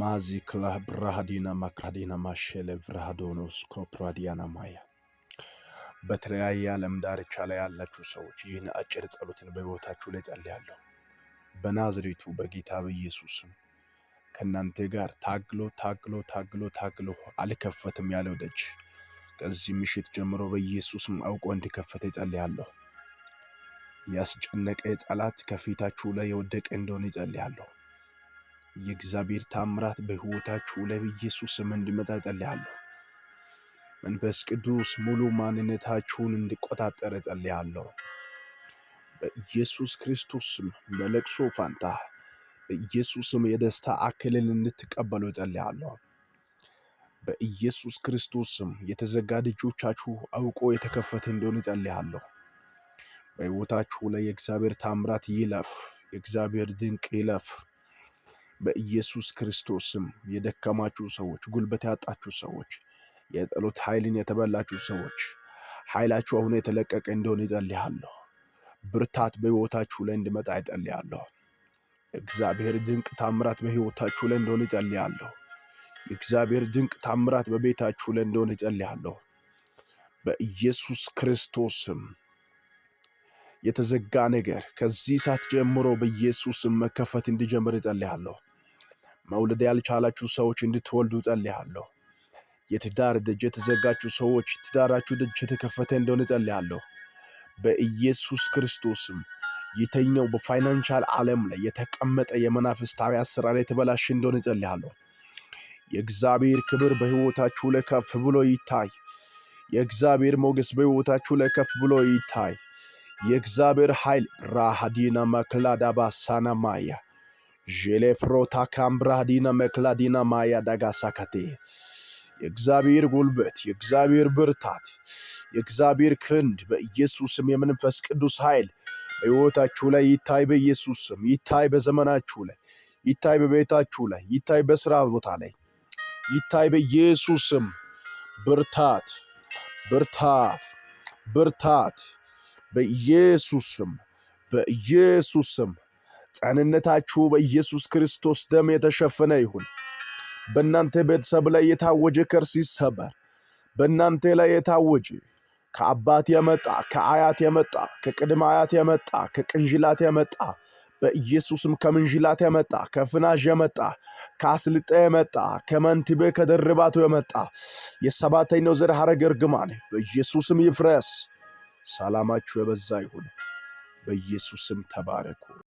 ማዚክላ ብራሃዲና ማካዲና ማሸለ ብራሃዶኖስ ኮፕራዲያና ማያ በተለያየ ዓለም ዳርቻ ላይ ያላችሁ ሰዎች ይህን አጭር ጸሎትን በሕይወታችሁ ላይ ጸልያለሁ። በናዝሬቱ በጌታ በኢየሱስም ከእናንተ ጋር ታግሎ ታግሎ ታግሎ ታግሎ አልከፈትም ያለው ደጅ ከዚህ ምሽት ጀምሮ በኢየሱስም አውቆ እንዲከፈተ ይጸልያለሁ። ያስጨነቀ ጠላት ከፊታችሁ ላይ የወደቀ እንደሆነ ይጸልያለሁ። የእግዚአብሔር ታምራት በሕይወታችሁ ላይ በኢየሱስ ስም እንዲመጣ እጸልያለሁ። መንፈስ ቅዱስ ሙሉ ማንነታችሁን እንዲቆጣጠር እጸልያለሁ። በኢየሱስ ክርስቶስ ስም በለቅሶ ፋንታ በኢየሱስ ስም የደስታ አክሊል እንድትቀበሉ እጸልያለሁ። በኢየሱስ ክርስቶስ ስም የተዘጋ ደጆቻችሁ አውቆ የተከፈተ እንደሆነ እጸልያለሁ። በሕይወታችሁ ላይ የእግዚአብሔር ታምራት ይለፍ፣ የእግዚአብሔር ድንቅ ይለፍ። በኢየሱስ ክርስቶስም የደከማችሁ ሰዎች፣ ጉልበት ያጣችሁ ሰዎች፣ የጠሎት ኃይልን የተበላችሁ ሰዎች ኃይላችሁ አሁን የተለቀቀ እንደሆነ ይጸልያለሁ። ብርታት በሕይወታችሁ ላይ እንድመጣ ይጸልያለሁ። እግዚአብሔር ድንቅ ታምራት በሕይወታችሁ ላይ እንደሆነ ይጸልያለሁ። እግዚአብሔር ድንቅ ታምራት በቤታችሁ ላይ እንደሆነ ይጸልያለሁ። በኢየሱስ ክርስቶስም የተዘጋ ነገር ከዚህ ሰዓት ጀምሮ በኢየሱስም መከፈት እንዲጀምር ይጸልያለሁ። መውለድ ያልቻላችሁ ሰዎች እንድትወልዱ ጸልያለሁ። የትዳር ደጅ የተዘጋችሁ ሰዎች ትዳራችሁ ደጅ የተከፈተ እንደሆነ ጸልያለሁ። በኢየሱስ ክርስቶስም የተኛው በፋይናንሻል ዓለም ላይ የተቀመጠ የመናፍስታዊ አሰራር የተበላሽ እንደሆነ ጸልያለሁ። የእግዚአብሔር ክብር በሕይወታችሁ ላይ ከፍ ብሎ ይታይ። የእግዚአብሔር ሞገስ በሕይወታችሁ ላይ ከፍ ብሎ ይታይ። የእግዚአብሔር ኃይል ራሃዲና መክላዳባሳናማያ ዤሌ ፍሮታ ካምብራዲና መክላዲና ማያ ዳጋሳካቴ የእግዚአብሔር ጉልበት፣ የእግዚአብሔር ብርታት፣ የእግዚአብሔር ክንድ በኢየሱስም የመንፈስ ቅዱስ ኃይል በሕይወታችሁ ላይ ይታይ። በኢየሱስም ይታይ። በዘመናችሁ ላይ ይታይ። በቤታችሁ ላይ ይታይ። በስራ ቦታ ላይ ይታይ። በኢየሱስም ብርታት፣ ብርታት፣ ብርታት በኢየሱስም በኢየሱስም ጤንነታችሁ በኢየሱስ ክርስቶስ ደም የተሸፈነ ይሁን። በእናንተ ቤተሰብ ላይ የታወጀ ከርስ ይሰበር። በእናንተ ላይ የታወጀ ከአባት የመጣ ከአያት የመጣ ከቅድመ አያት የመጣ ከቅንጅላት የመጣ በኢየሱስም ከምንጅላት የመጣ ከፍናዥ የመጣ ከአስልጠ የመጣ ከመንትቤ ከደርባቱ የመጣ የሰባተኛው ዘር ሐረግ እርግማን በኢየሱስም ይፍረስ። ሰላማችሁ የበዛ ይሁን። በኢየሱስም ተባረኩ።